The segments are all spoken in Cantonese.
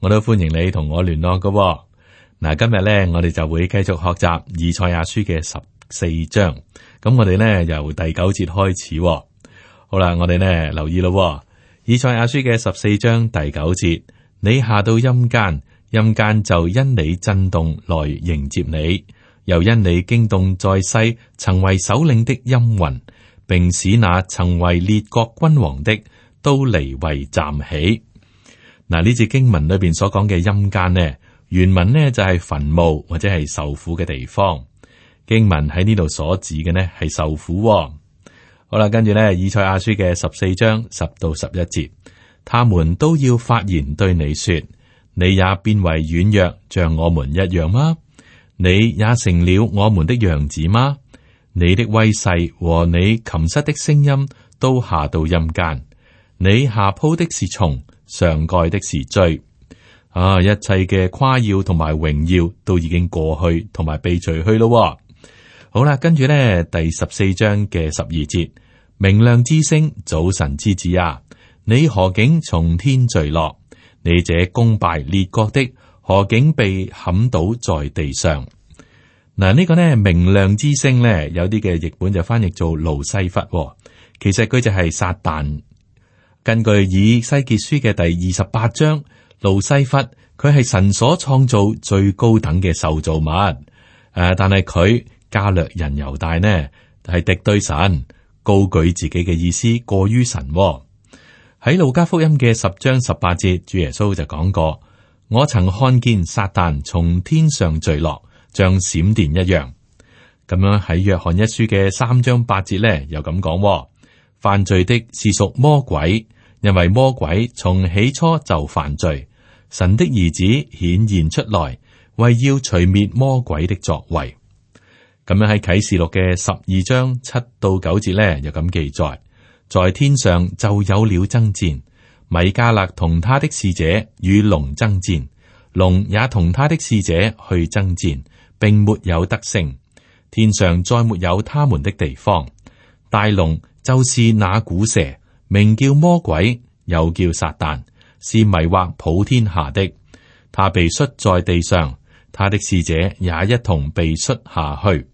我都歡迎你同我聯絡嘅。嗱，今日咧，我哋就會繼續學習《以賽亞書》嘅十四章。咁我哋咧由第九節開始，哦。好啦，我哋咧留意咯，哦，《以賽亞書》嘅十四章第九節：你下到陰間，陰間就因你震動來迎接你；又因你驚動在世曾為首領的陰魂，並使那曾為列國君王的都離位站起。嗱，呢節經文裏邊所講嘅陰間呢，原文呢就係墳墓或者係受苦嘅地方。經文喺呢度所指嘅呢係受苦。好啦，跟住呢，以賽亞書嘅十四章十到十一節，他們都要發言對你說：你也變為軟弱，像我們一樣嗎？你也成了我們的樣子嗎？你的威勢和你琴瑟的聲音都下到陰間，你下鋪的是蟲。上蓋的是蛆，啊！一切嘅誇耀同埋榮耀都已經過去，同埋被除去咯。好啦，跟住呢第十四章嘅十二節，明亮之星，早晨之子啊！你何竟從天墜落？你這功敗列國的何竟被冚倒在地上？嗱、啊，呢、呢個呢「明亮之星」呢，有啲嘅譯本就翻譯做盧西弗，其實佢就係撒旦。根據以西結書嘅第二十八章，路西弗佢係神所創造最高等嘅受造物，誒、呃，但係佢加略人猶大呢係敵對神，高舉自己嘅意思過於神，哦。喺路加福音嘅十章十八節，主耶穌就講過：我曾看見撒旦從天上墜落，像閃電一樣。咁樣喺約翰一書嘅三章八節呢，又咁講，哦，犯罪的是屬魔鬼。因為魔鬼從起初就犯罪，神的兒子顯現出來，為要除滅魔鬼的作為。咁樣喺啟示錄嘅十二章七到九節呢，有咁記載：在天上就有了爭戰，米迦勒同他的使者與龍爭戰，龍也同他的使者去爭戰，並沒有得勝，天上再沒有他們的地方。大龍就是那古蛇。名叫魔鬼，又叫撒旦，是迷惑普天下的。他被摔在地上，他的使者也一同被摔下去。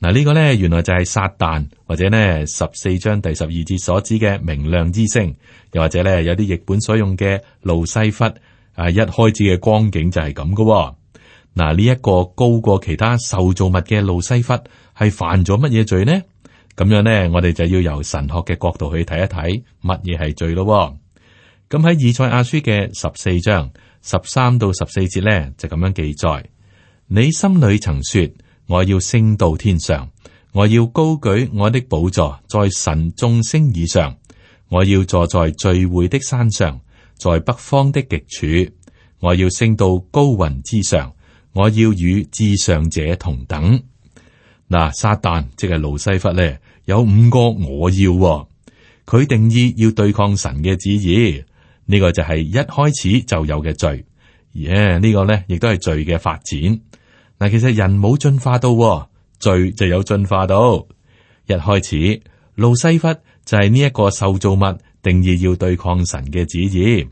嗱、這個，呢個咧，原來就係撒旦，或者咧十四章第十二節所指嘅明亮之星，又或者咧有啲譯本所用嘅路西弗。啊，一開始嘅光景就係咁嘅。嗱，呢一個高過其他受造物嘅路西弗，係犯咗乜嘢罪呢？咁樣呢，我哋就要由神學嘅角度去睇一睇乜嘢係罪咯。咁喺以賽亞書嘅十四章十三到十四節呢，就咁樣記載：你心裏曾說，我要升到天上，我要高舉我的寶座在神眾星以上，我要坐在聚會的山上，在北方的極處，我要升到高雲之上，我要與至上者同等。嗱，撒旦即係路西弗呢。有五個我要佢，哦、定義要對抗神嘅旨意，呢、這個就係一開始就有嘅罪。耶，yeah，呢個咧亦都係罪嘅發展。嗱，其實人冇進化到，哦、罪就有進化到。一開始，路西弗就係呢一個受造物，定義要對抗神嘅旨意。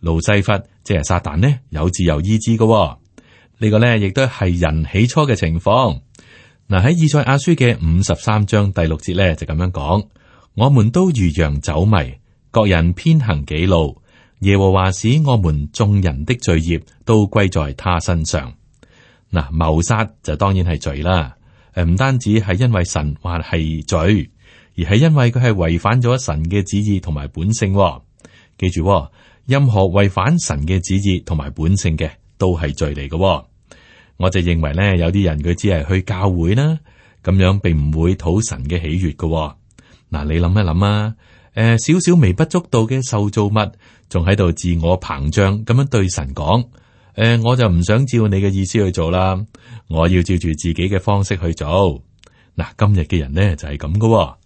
路西弗即係撒旦呢，有自由意志嘅，哦。這個，呢個咧亦都係人起初嘅情況。嗱，喺以賽亞書嘅五十三章第六節咧就咁樣講，我們都如羊走迷，各人偏行己路。耶和華使我們眾人的罪孽都歸在他身上。嗱、啊，謀殺就當然係罪啦。誒，唔單止係因為神話係罪，而係因為佢係違反咗神嘅旨意同埋本性、哦。記住、哦，任何違反神嘅旨意同埋本性嘅，都係罪嚟嘅、哦。我就認為咧，有啲人佢只係去教會啦，咁樣並唔會討神嘅喜悅嘅、哦。嗱、啊，你諗一諗啊，誒、呃，少少微不足道嘅受造物，仲喺度自我膨脹，咁樣對神講誒、呃，我就唔想照你嘅意思去做啦，我要照住自己嘅方式去做。嗱、啊，今日嘅人咧就係咁噶，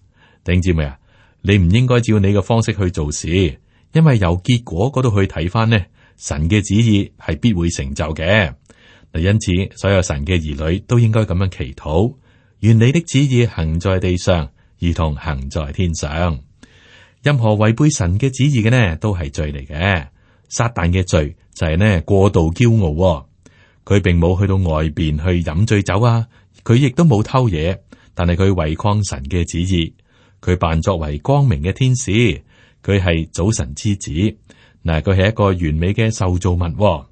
定照未？啊？你唔應該照你嘅方式去做事，因為由結果嗰度去睇翻呢，神嘅旨意係必會成就嘅。因此所有神嘅兒女都應該咁樣祈禱，願你的旨意行在地上，如同行在天上。任何違背神嘅旨意嘅呢，都係罪嚟嘅。撒旦嘅罪就係呢過度驕傲、哦。佢並冇去到外邊去飲醉酒啊，佢亦都冇偷嘢，但係佢違抗神嘅旨意，佢扮作為光明嘅天使，佢係早晨之子。嗱，佢係一個完美嘅受造物、哦。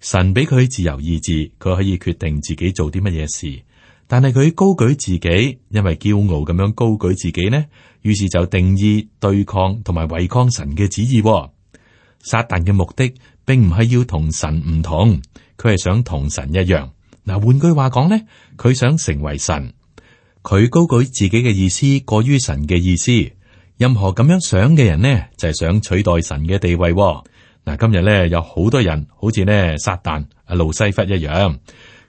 神俾佢自由意志，佢可以決定自己做啲乜嘢事。但係佢高舉自己，因為驕傲咁樣高舉自己呢，於是就定義對抗同埋違抗神嘅旨意。撒旦嘅目的並唔係要同神唔同，佢係想同神一樣。嗱，換句話講呢，佢想成為神，佢高舉自己嘅意思過於神嘅意思。任何咁樣想嘅人呢，就係、是、想取代神嘅地位。嗱，今日咧有好多人，好似呢撒旦阿路西弗一樣，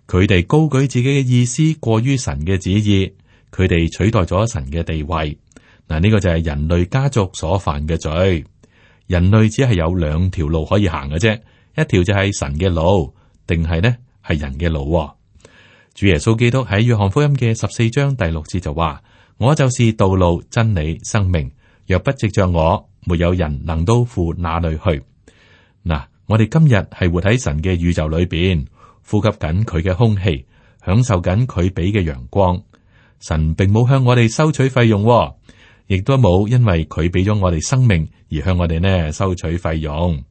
佢哋高舉自己嘅意思過於神嘅旨意，佢哋取代咗神嘅地位。嗱，呢個就係人類家族所犯嘅罪。人類只係有兩條路可以行嘅啫，一條就係神嘅路，定係呢係人嘅路。主耶穌基督喺約翰福音嘅十四章第六節就話：我就是道路、真理、生命，若不藉着我，沒有人能到父那裏去。嗱，我哋今日係活喺神嘅宇宙裏邊，呼吸緊佢嘅空氣，享受緊佢俾嘅陽光。神並冇向我哋收取費用，哦，亦都冇因為佢俾咗我哋生命而向我哋呢收取費用。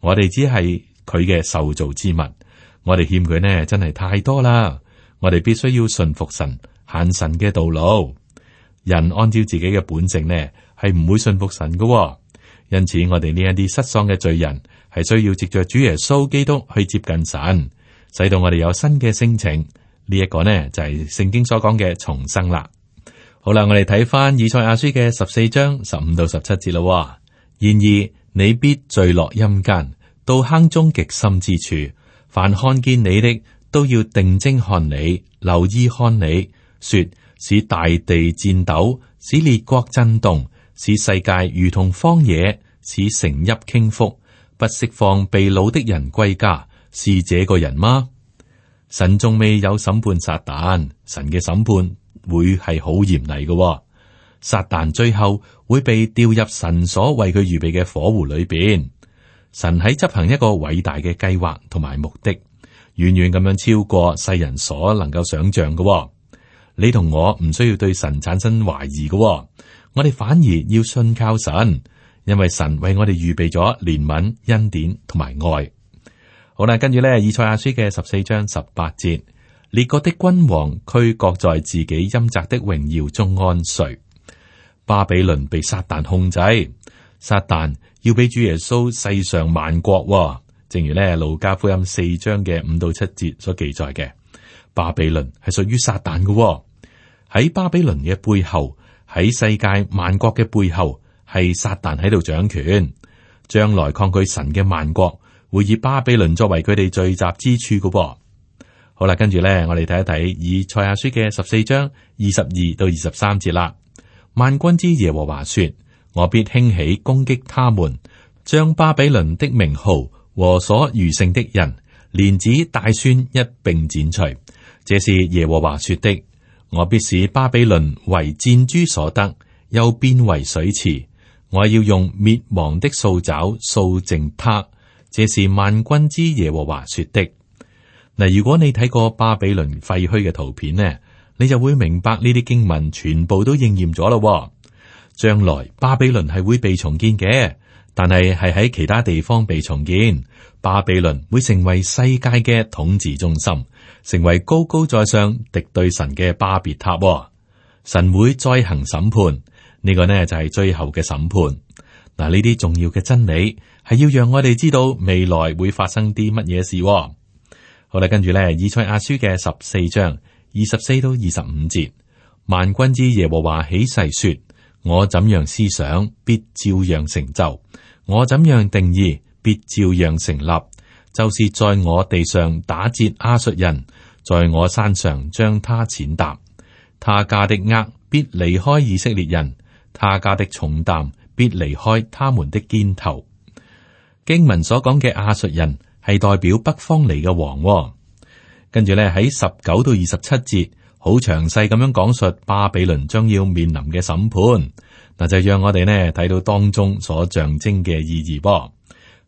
我哋只係佢嘅受造之物，我哋欠佢呢真係太多啦。我哋必須要順服神，行神嘅道路。人按照自己嘅本性呢係唔會順服神嘅，哦，因此我哋呢一啲失喪嘅罪人。係需要藉着主耶穌基督去接近神，使到我哋有新嘅性情。呢、這、一個呢就係聖經所講嘅重生啦。好啦，我哋睇翻以賽亞書嘅十四章十五到十七節啦。喎。然而你必墜落陰間，到坑中極深之處。凡看見你的都要定睛看你，留意看你，說，使大地顫抖，使列國震動，使世界如同荒野，使城邑傾覆。不釋放被擄的人歸家，是這個人嗎？神仲未有審判撒旦，神嘅審判會係好嚴厲嘅喎。撒旦最後會被掉入神所為佢預備嘅火湖裏邊。神喺執行一個偉大嘅計劃同埋目的，遠遠咁樣超過世人所能夠想象嘅喎。你同我唔需要對神產生懷疑嘅喎，我哋反而要信靠神。因為神為我哋預備咗憐憫、恩典同埋愛。好啦，跟住咧，以賽亞書嘅十四章十八節，列國的君王俱各在自己陰宅的榮耀中安睡。巴比倫被撒旦控制，撒旦要俾主耶穌世上萬國、哦。正如咧路加福音四章嘅五到七節所記載嘅，巴比倫係屬於撒旦嘅、哦。喺巴比倫嘅背後，喺世界萬國嘅背後。係撒旦喺度掌權，將來抗拒神嘅萬國會以巴比倫作為佢哋聚集之處。噶噃好啦，跟住咧，我哋睇一睇以賽亞書嘅十四章二十二到二十三節啦。萬軍之耶和華說：我必興起攻擊他們，將巴比倫的名號和所餘剩的人、連子、帶孫一併剪除。這是耶和華說的。我必使巴比倫為箭豬所得，又變為水池。我要用滅亡的掃帚掃淨它，這是萬軍之耶和華說的。嗱，如果你睇過巴比倫廢墟嘅圖片呢，你就會明白呢啲經文全部都應驗咗咯。將來巴比倫係會被重建嘅，但係係喺其他地方被重建。巴比倫會成為世界嘅統治中心，成為高高在上敵對神嘅巴別塔。神會再行審判。呢個呢就係最後嘅審判。嗱，呢啲重要嘅真理係要讓我哋知道未來會發生啲乜嘢事，哦。好啦，跟住呢以賽亞書嘅十四章二十四到二十五節，萬軍之耶和華起誓說：我怎樣思想，必照樣成就；我怎樣定意，必照樣成立。就是在我地上打折亞述人，在我山上將他踐踏，他加的軛必離開以色列人。他加的重擔必離開他們的肩頭。經文所講嘅亞述人係代表北方嚟嘅王喎。跟住咧喺十九到二十七節，好詳細咁樣講述巴比倫將要面臨嘅審判。嗱，就讓我哋呢睇到當中所象徵嘅意義、哦。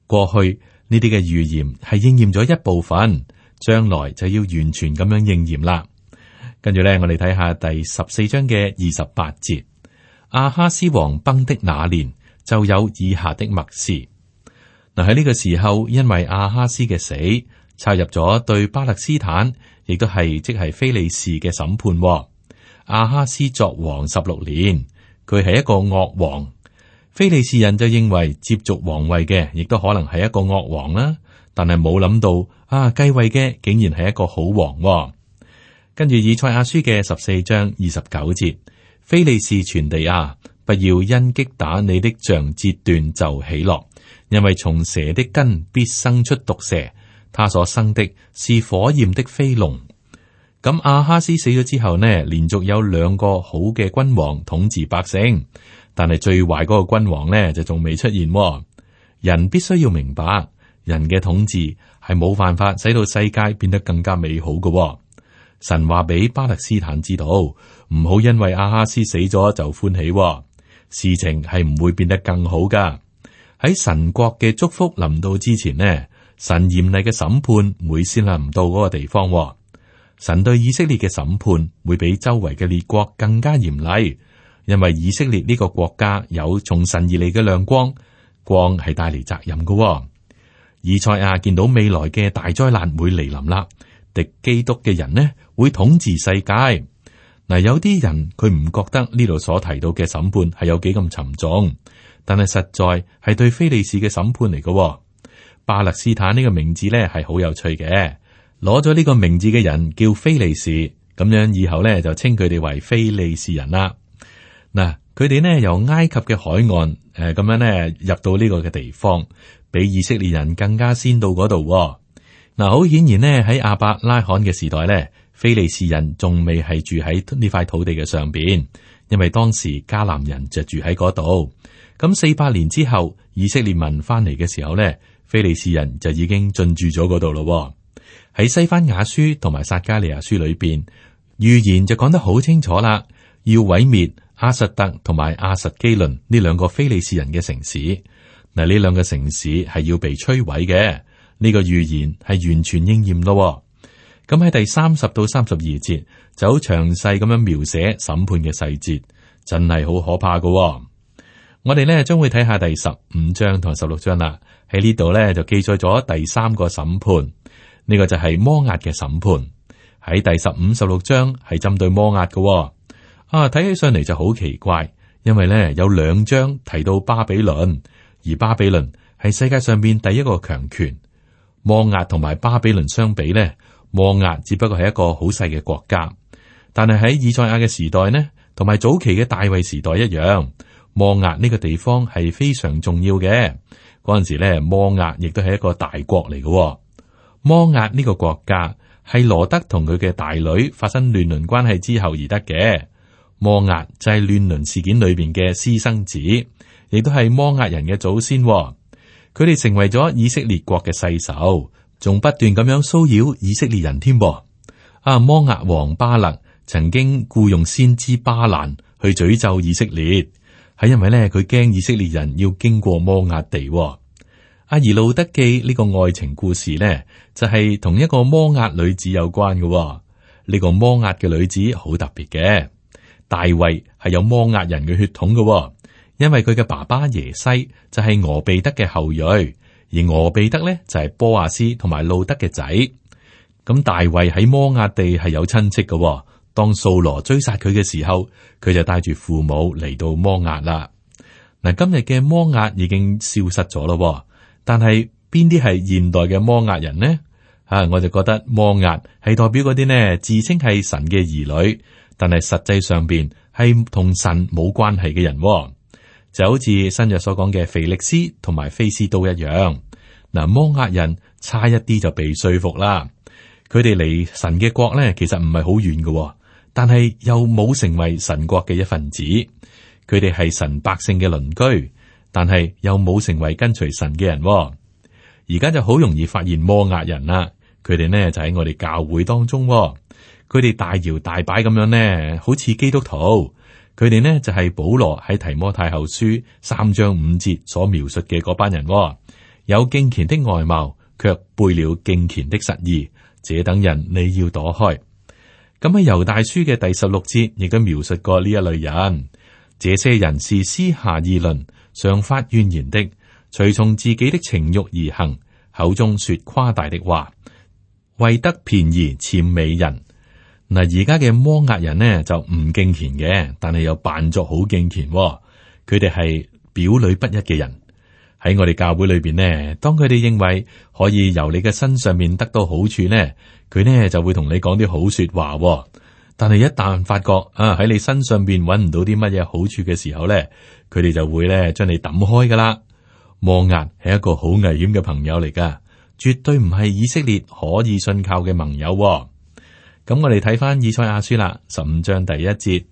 過去呢啲嘅預言係應驗咗一部分，將來就要完全咁樣應驗啦。跟住咧，我哋睇下第十四章嘅二十八節。亞哈斯王崩的那年，就有以下的默示。嗱喺呢個時候，因為亞哈斯嘅死，插入咗對巴勒斯坦，亦都係即係非利士嘅審判。亞哈斯作王十六年，佢係一個惡王，非利士人就認為接續王位嘅，亦都可能係一個惡王啦。但係冇諗到啊，繼位嘅竟然係一個好王。跟住以賽亞書嘅十四章二十九節。非利士全地啊，不要因擊打你的杖折斷就喜樂，因為從蛇的根必生出毒蛇，它所生的是火焰的飛龍。咁亞哈斯死咗之後呢，連續有兩個好嘅君王統治百姓，但係最壞嗰個君王呢就仲未出現。人必須要明白，人嘅統治係冇辦法使到世界變得更加美好嘅。神話俾巴勒斯坦知道。唔好因為阿哈斯死咗就歡喜，事情係唔會變得更好噶。喺神國嘅祝福臨到之前呢，神嚴厲嘅審判會先臨到嗰個地方。神對以色列嘅審判會比周圍嘅列國更加嚴厲，因為以色列呢個國家有從神而嚟嘅亮光，光係帶嚟責任噶。以賽亞見到未來嘅大災難會嚟臨啦，敵基督嘅人呢會統治世界。嗱，有啲人佢唔覺得呢度所提到嘅審判係有幾咁沉重，但係實在係對非利士嘅審判嚟嘅。巴勒斯坦呢個名字咧係好有趣嘅，攞咗呢個名字嘅人叫非利士，咁樣以後咧就稱佢哋為非利士人啦。嗱，佢哋呢由埃及嘅海岸，誒咁樣咧入到呢個嘅地方，比以色列人更加先到嗰度。嗱，好顯然呢，喺亞伯拉罕嘅時代咧。非利士人仲未係住喺呢塊土地嘅上邊，因為當時迦南人就住喺嗰度。咁四百年之後，以色列民翻嚟嘅時候呢，非利士人就已經進駐咗嗰度咯。喺西番雅書同埋撒迦利亞書裏邊，預言就講得好清楚啦，要毀滅亞實突同埋亞實基倫呢兩個非利士人嘅城市。嗱，呢兩個城市係要被摧毀嘅，呢個預言係完全應驗咯。咁喺第三十到三十二節就好詳細咁樣描寫審判嘅細節，真係好可怕噶、哦。我哋呢將會睇下第十五章同十六章啦。喺呢度呢，就記載咗第三個審判，呢、這個就係摩壓嘅審判。喺第十五十六章係針對摩壓噶、哦、啊。睇起上嚟，就好奇怪，因為呢有兩章提到巴比倫，而巴比倫係世界上邊第一個強權。摩壓同埋巴比倫相比呢。摩押只不過係一個好細嘅國家，但係喺以賽亞嘅時代呢，同埋早期嘅大衛時代一樣，摩押呢個地方係非常重要嘅。嗰陣時咧，摩押亦都係一個大國嚟嘅，哦。摩押呢個國家係羅德同佢嘅大女發生亂倫關係之後而得嘅。摩押就係亂倫事件裏邊嘅私生子，亦都係摩押人嘅祖先，哦。佢哋成為咗以色列國嘅世仇。仲不斷咁樣騷擾以色列人添，阿摩押王巴勒曾經僱傭先知巴蘭去詛咒以色列，係因為咧佢驚以色列人要經過摩押地。阿而路德記呢個愛情故事咧，就係、是、同一個摩押女子有關嘅。呢、這個摩押嘅女子好特別嘅，大衛係有摩押人嘅血統嘅，因為佢嘅爸爸耶西就係俄貝德嘅後裔。而俄備得咧就係、是、波亞斯同埋路德嘅仔，咁大衛喺摩押地係有親戚嘅，當掃羅追殺佢嘅時候，佢就帶住父母嚟到摩押啦。嗱，今日嘅摩押已經消失咗咯，但係邊啲係現代嘅摩押人呢？啊，我就覺得摩押係代表嗰啲呢自稱係神嘅兒女，但係實際上邊係同神冇關係嘅人。就好似新約所講嘅腓力斯同埋菲斯都一樣，嗱，摩押人差一啲就被說服啦。佢哋離神嘅國咧，其實唔係好遠嘅，但係又冇成為神國嘅一份子。佢哋係神百姓嘅鄰居，但係又冇成為跟隨神嘅人。而家就好容易發現摩押人啦，佢哋呢，就喺我哋教會當中，佢哋大搖大擺咁樣呢，好似基督徒。佢哋呢就係、是、保羅喺提摩太後書三章五節所描述嘅嗰班人咯、哦，有敬虔的外貌，卻背了敬虔的實意，這等人你要躲開。咁喺猶大書嘅第十六節亦都描述過呢一類人，這些人是私下議論、常發怨言的，隨從自己的情欲而行，口中說誇大的話，為得便宜諂媚人。嗱，而家嘅摩押人呢就唔敬虔嘅，但係又扮作好敬虔，佢哋係表裏不一嘅人。喺我哋教會裏邊呢，當佢哋認為可以由你嘅身上面得到好處呢，佢呢就會同你講啲好說話。但係一旦發覺啊喺你身上面揾唔到啲乜嘢好處嘅時候呢，佢哋就會呢將你抌開噶啦。摩押係一個好危險嘅朋友嚟噶，絕對唔係以色列可以信靠嘅盟友。咁我哋睇翻以賽亞書啦，十五章第一節，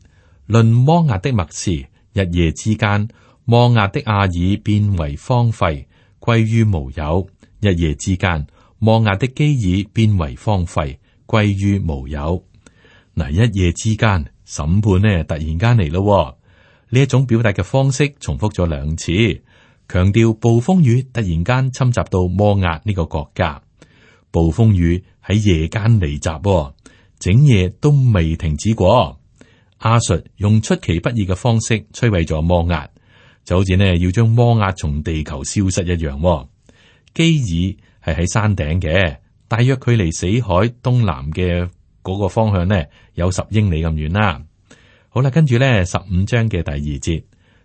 論摩押的默示，日夜之間，摩押的亞爾變為荒廢，歸於無有；一夜之間，摩押的基爾變為荒廢，歸於無有。嗱、啊，一夜之間審判呢突然間嚟咯。呢一種表達嘅方式重複咗兩次，強調暴風雨突然間侵襲到摩押呢個國家。暴風雨喺夜間嚟襲。整夜都未停止過。亞述用出其不意嘅方式摧毀咗摩押，就好似呢要將摩押從地球消失一樣。基珥係喺山頂嘅，大約距離死海東南嘅嗰個方向呢，有十英里咁遠啦。好啦，跟住呢十五章嘅第二節，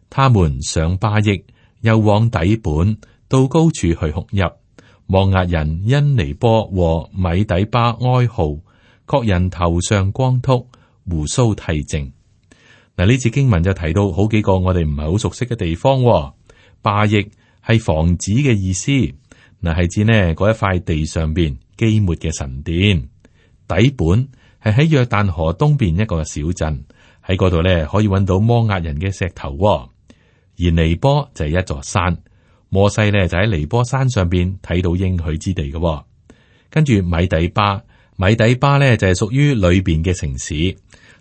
他們上巴益，又往底本到高處去哭泣。摩押人因尼波和米底巴哀號。各人頭上光禿，鬍鬚剃淨。嗱，呢次經文就提到好幾個我哋唔係好熟悉嘅地方、哦。巴益係房子嘅意思，嗱係指呢嗰一塊地上邊基抹嘅神殿。底本係喺約旦河東邊一個小鎮，喺嗰度咧可以搵到摩押人嘅石頭、哦。而尼波就係一座山，摩西咧就喺尼波山上邊睇到應許之地嘅、哦。跟住米底巴。米底巴咧就係屬於裏邊嘅城市。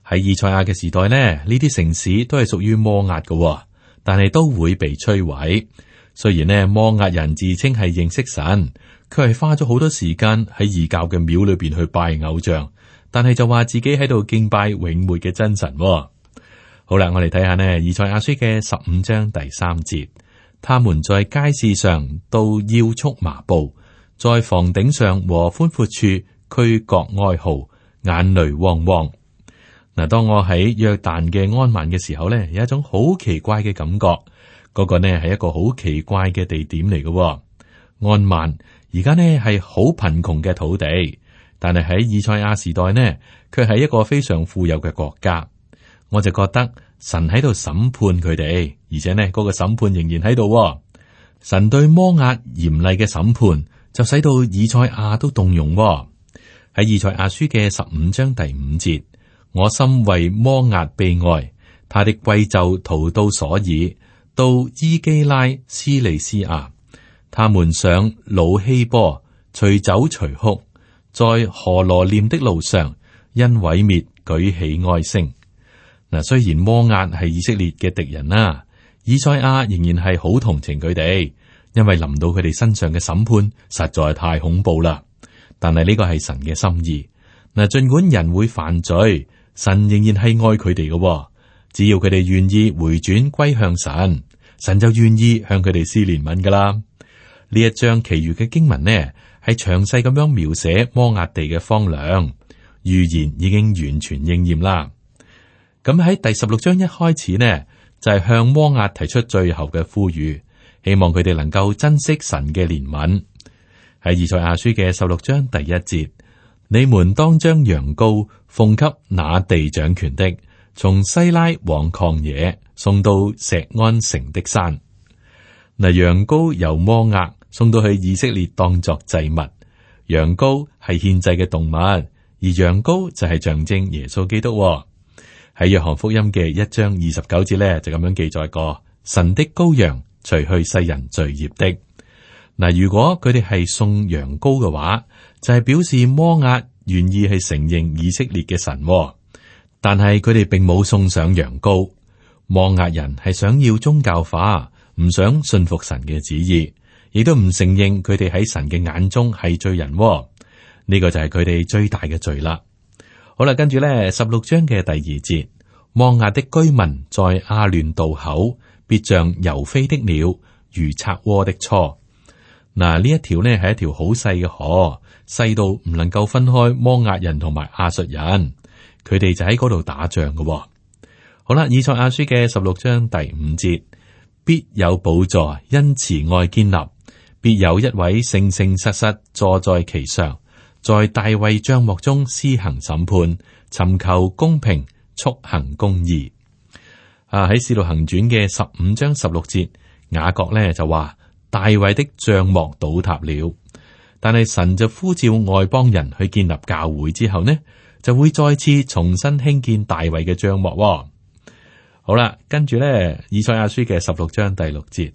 喺以賽亞嘅時代呢，呢啲城市都係屬於摩壓嘅，但係都會被摧毀。雖然呢，摩壓人自稱係認識神，佢係花咗好多時間喺異教嘅廟裏邊去拜偶像，但係就話自己喺度敬拜永活嘅真神。好啦，我哋睇下呢，以賽亞書嘅十五章第三節，他們在街市上到腰束麻布，在房頂上和寬闊處。舉國哀嚎，眼淚汪汪。嗱，當我喺約旦嘅安曼嘅時候咧，有一種好奇怪嘅感覺。嗰、那個呢係一個好奇怪嘅地點嚟嘅。安曼而家呢係好貧窮嘅土地，但係喺以賽亞時代呢，佢係一個非常富有嘅國家。我就覺得神喺度審判佢哋，而且呢嗰個審判仍然喺度。神對摩押嚴厲嘅審判就使到以賽亞都動容。喺以賽亞書嘅十五章第五節，我心為摩押悲哀，他的貴冑逃到瑣珥，到伊基拉斯利斯亞，他們上魯希波，隨走隨哭，在何羅念的路上，因毀滅舉起哀聲。嗱，雖然摩押係以色列嘅敵人啦，以賽亞仍然係好同情佢哋，因為臨到佢哋身上嘅審判實在太恐怖啦。但係呢個係神嘅心意，嗱，儘管人會犯罪，神仍然係愛佢哋嘅。只要佢哋願意回轉歸向神，神就願意向佢哋施憐憫噶啦。呢一章其餘嘅經文呢，係詳細咁樣描寫摩押地嘅荒涼，預言已經完全應驗啦。咁喺第十六章一開始呢，就係、是、向摩押提出最後嘅呼籲，希望佢哋能夠珍惜神嘅憐憫。喺以賽亞書嘅十六章第一節，你們當將羊羔奉給那地掌權的，從西拉往曠野送到石安城的山。嗱，羊羔由摩押送到去以色列當作祭物。羊羔係獻祭嘅動物，而羊羔就係象徵耶穌基督。喺約翰福音嘅一章二十九節咧，就咁樣記載過：神的羔羊，除去世人罪孽的。嗱，如果佢哋係送羊羔嘅話，就係、是、表示摩押願意係承認以色列嘅神、哦。但係佢哋並冇送上羊羔，摩押人係想要宗教化，唔想信服神嘅旨意，亦都唔承認佢哋喺神嘅眼中係罪人、哦。呢、這個就係佢哋最大嘅罪啦。好啦，跟住咧，十六章嘅第二節，摩押的居民在亞嫩渡口，必像遊飛的鳥，如拆窩的雛。嗱，一條呢一條咧係一條好細嘅河，細到唔能夠分開摩押人同埋亞述人。佢哋就喺嗰度打仗嘅、哦。好啦，以賽亞書嘅十六章第五節，必有寶座，因慈愛建立，必有一位誠誠實實坐在其上，在大衛帳幕中施行審判，尋求公平，速行公義。啊，喺使徒行傳嘅十五章十六節，雅各呢就話。大衛的帳幕倒塌了，但係神就呼召外邦人去建立教會之後呢，就會再次重新興建大衛嘅帳幕喎。好啦，跟住咧，以賽亞書嘅十六章第六節，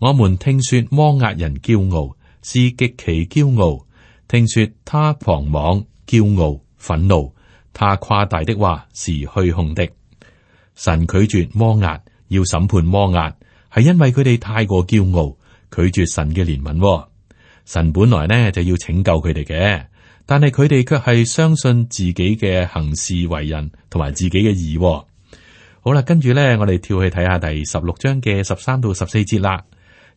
我們聽說摩押人驕傲，是極其驕傲。聽說他狂妄、驕傲、憤怒，他誇大的話是虛空的。神拒絕摩押，要審判摩押，係因為佢哋太過驕傲。拒絕神嘅憐憫，神本來呢就要拯救佢哋嘅，但係佢哋卻係相信自己嘅行事為人同埋自己嘅義。好啦，跟住呢，我哋跳去睇下第十六章嘅十三到十四節啦。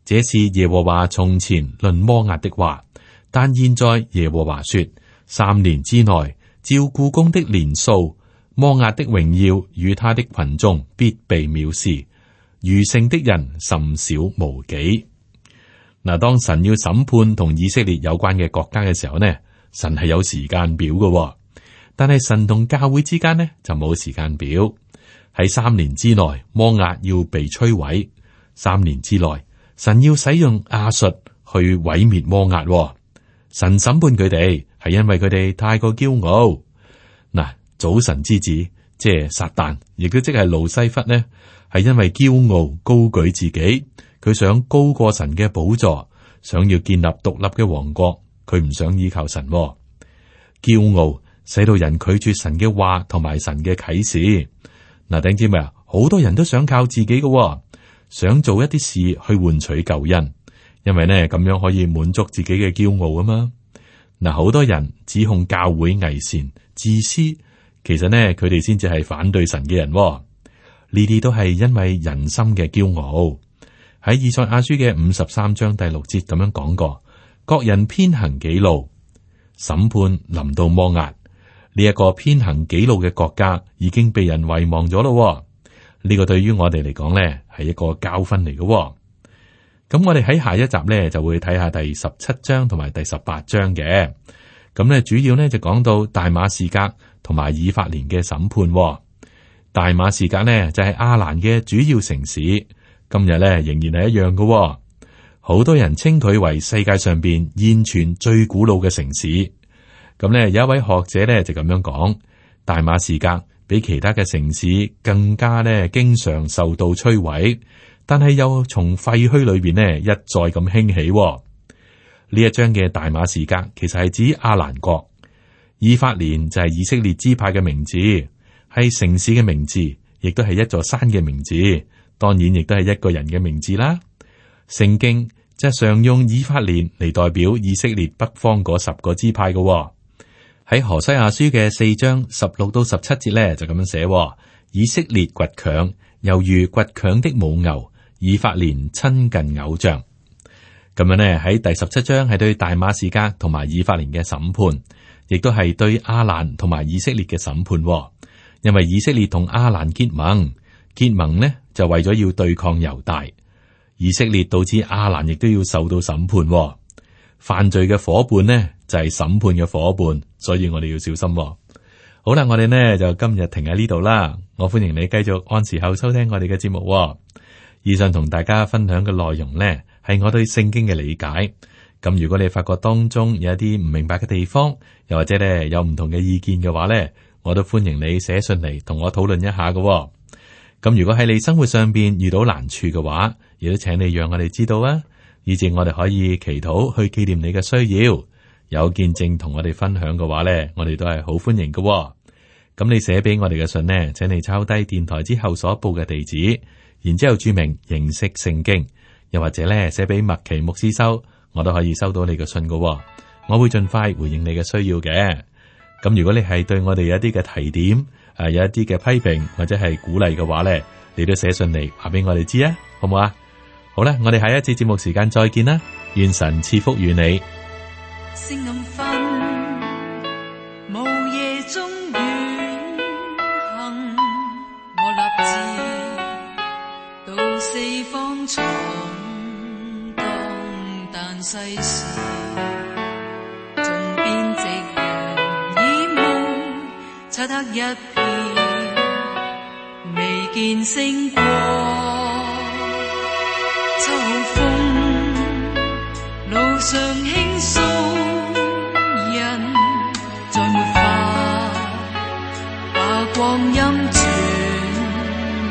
這是耶和華從前論摩押的話，但現在耶和華說：三年之內，照僱工的年數，摩押的榮耀與他的群眾必被藐視，餘剩的人甚少無幾。嗱，當神要審判同以色列有關嘅國家嘅時候呢，神係有時間表嘅，但係神同教會之間呢就冇時間表。喺三年之內，摩押要被摧毀；三年之內，神要使用亞述去毀滅摩押。神審判佢哋係因為佢哋太過驕傲。嗱，早晨之子即係撒旦，亦都即係路西弗呢，係因為驕傲高舉自己。佢想高過神嘅寶座，想要建立獨立嘅王國。佢唔想依靠神、哦，驕傲使到人拒絕神嘅話同埋神嘅啟示。嗱，頂知咩啊，好多人都想靠自己嘅、哦，想做一啲事去換取救恩，因為呢，咁樣可以滿足自己嘅驕傲啊嘛。嘛嗱，好多人指控教會偽善、自私，其實呢，佢哋先至係反對神嘅人、哦。呢啲都係因為人心嘅驕傲。喺以賽亞書嘅五十三章第六節咁樣講過，各人偏行己路。審判臨到摩押呢一個偏行己路嘅國家，已經被人遺忘咗咯。呢、這個對於我哋嚟講咧，係一個教訓嚟嘅。咁我哋喺下一集咧，就會睇下第十七章同埋第十八章嘅。咁咧，主要咧就講到大馬士革同埋以法蓮嘅審判。大馬士革呢就係亞蘭嘅主要城市。今日咧仍然係一樣嘅、哦，好多人稱佢為世界上邊現存最古老嘅城市。咁咧有一位學者咧就咁樣講：大馬士革比其他嘅城市更加咧經常受到摧毀，但係又從廢墟裏邊呢，一再咁興起、哦。呢一章嘅大馬士革其實係指阿蘭國，以法蓮就係以色列支派嘅名字，係城市嘅名字，亦都係一座山嘅名字。當然，亦都係一個人嘅名字啦。聖經即係常用以法蓮嚟代表以色列北方嗰十個支派嘅喎、哦。喺何西亞書嘅四章十六到十七節呢，就咁樣寫、哦：以色列倔強，猶如倔強的母牛；以法蓮親近偶像。咁樣呢，喺第十七章係對大馬士革同埋以法蓮嘅審判，亦都係對亞蘭同埋以色列嘅審判、哦，因為以色列同亞蘭結盟，結盟呢。就為咗要對抗猶大，以色列導致亞蘭亦都要受到審判哦。犯罪嘅夥伴呢，就係審判嘅夥伴，所以我哋要小心哦。好啦，我哋呢就今日停喺呢度啦。我歡迎你繼續按時候收聽我哋嘅節目哦。以上同大家分享嘅內容呢，係我對聖經嘅理解。咁如果你發覺當中有一啲唔明白嘅地方，又或者呢有唔同嘅意見嘅話呢，我都歡迎你寫信嚟同我討論一下嘅哦。咁如果喺你生活上邊遇到難處嘅話，亦都請你讓我哋知道啊，以至我哋可以祈禱去紀念你嘅需要。有見證同我哋分享嘅話咧，我哋都係好歡迎嘅。咁你寫俾我哋嘅信呢，請你抄低電台之後所報嘅地址，然之後注明認識聖經，又或者咧寫俾麥奇牧師收，我都可以收到你嘅信嘅。我會盡快回應你嘅需要嘅。咁如果你係對我哋有一啲嘅提點。啊，有一啲嘅批評或者係鼓勵嘅話咧，你都寫信嚟話俾我哋知啊，好唔好啊？好啦，我哋下一次節目時間再見啦，願神賜福於你。無夜中我立志。到四方但世事。見星光，秋風路上輕鬆，人再沒法把光陰轉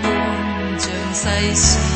換，像細沙。